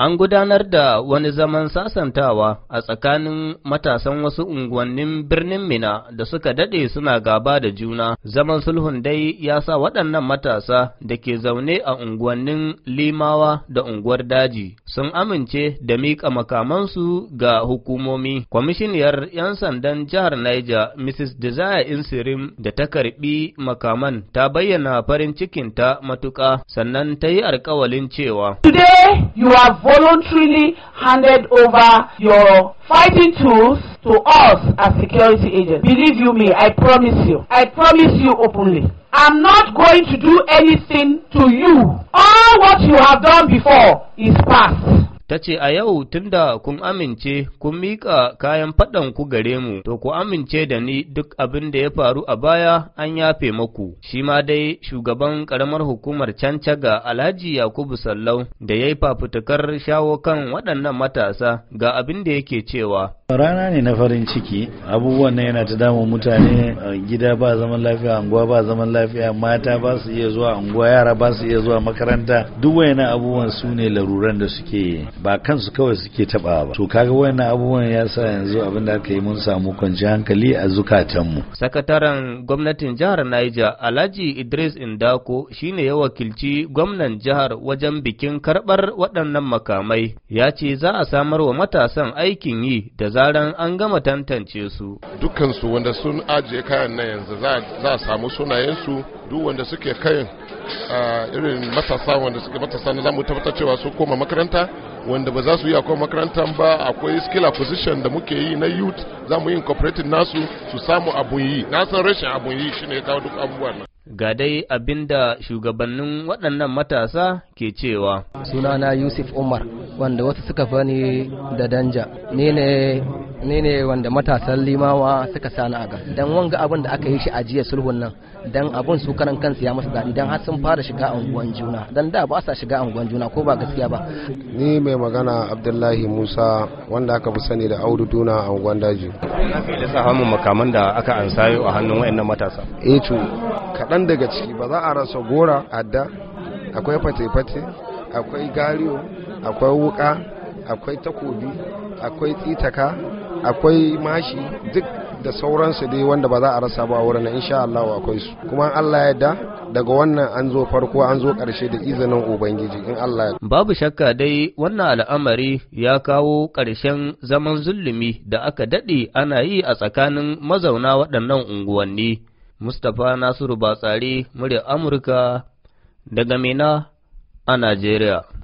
An gudanar da wani zaman sasantawa a tsakanin matasan wasu unguwannin birnin Mina da suka dade suna gaba da juna, zaman sulhun dai ya sa waɗannan matasa da ke zaune a unguwannin Limawa da unguwar daji sun amince da miƙa makamansu ga hukumomi. Kwamishiniyar 'yan sandan jihar Niger, Mrs. Desire Insirim da ta karɓi makaman ta bayyana farin cikinta matuƙa sannan ta yi alkawalin cewa. voluntarily handed over your fighting tools to us as security agents. Believe you me, I promise you. I promise you openly. I'm not going to do anything to you. All what you have done before is past. ta ce, A yau tun da kun amince, kun miƙa kayan faɗan ku gare mu, to ku amince da ni duk abin da ya faru a baya an yafe maku. Shi ma dai shugaban ƙaramar hukumar Cancaga Alhaji Yakubu Sallau da ya yi fafutukar shawo kan waɗannan matasa ga abin da yake cewa. Rana ne na farin ciki, abubuwan nan yana ta damun mutane gida ba zaman lafiya, anguwa ba zaman lafiya, mata ba su iya zuwa anguwa, yara ba su iya zuwa makaranta, duk wayannan abubuwan su ne laruran da suke ba kansu kawai suke taba ba to kaga wannan abubuwan ya sa yanzu abin da aka yi mun samu kwanci hankali a zukatanmu sakataren gwamnatin jihar Niger Alhaji Idris Indako shine ya wakilci gwamnan jihar wajen bikin karbar waɗannan makamai ya ce za a samar wa matasan aikin yi da zaran an gama tantance su dukkan su wanda sun ajiye kayan nan yanzu za a samu sunayen su duk wanda suke kayan irin matasa wanda suke matasa na zamu tabbatar cewa su koma makaranta wanda ba za su yi a koma makaranta ba akwai skill acquisition da muke yi na youth za mu yi incorporating nasu su samu abun yi na san rashin abun yi shine ya kawo duk abubuwan nan ga dai abinda shugabannin waɗannan matasa ke cewa sunana yusuf umar wanda wasu suka fani da danja ni ne ne ne wanda matasan limawa suka sani a gas dan wanga abin da aka yi shi a jiya sulhun nan dan abin su karan kansu ya musu daɗi dan har sun fara shiga unguwan juna dan da ba sa shiga unguwan juna ko ba gaskiya ba ni mai magana abdullahi musa wanda aka fi sani da audu duna a unguwan daji da samun makaman da aka ansayo a hannun wayannan matasa eh to kaɗan daga ciki ba za a rasa gora adda akwai fate-fate akwai gariyo akwai wuka akwai takobi akwai tsitaka akwai mashi duk da sauransu dai wanda ba za a rasa ba a wurin insha Allah akwai su kuma Allah ya da daga wannan an zo farko an zo ƙarshe da izinin ubangiji in Allah ya babu shakka dai wannan al'amari ya kawo ƙarshen zaman zulumi da aka daɗe ana yi a tsakanin mazauna waɗannan unguwanni Mustapha Nasiru Batsari murya Amurka daga Mina a Najeriya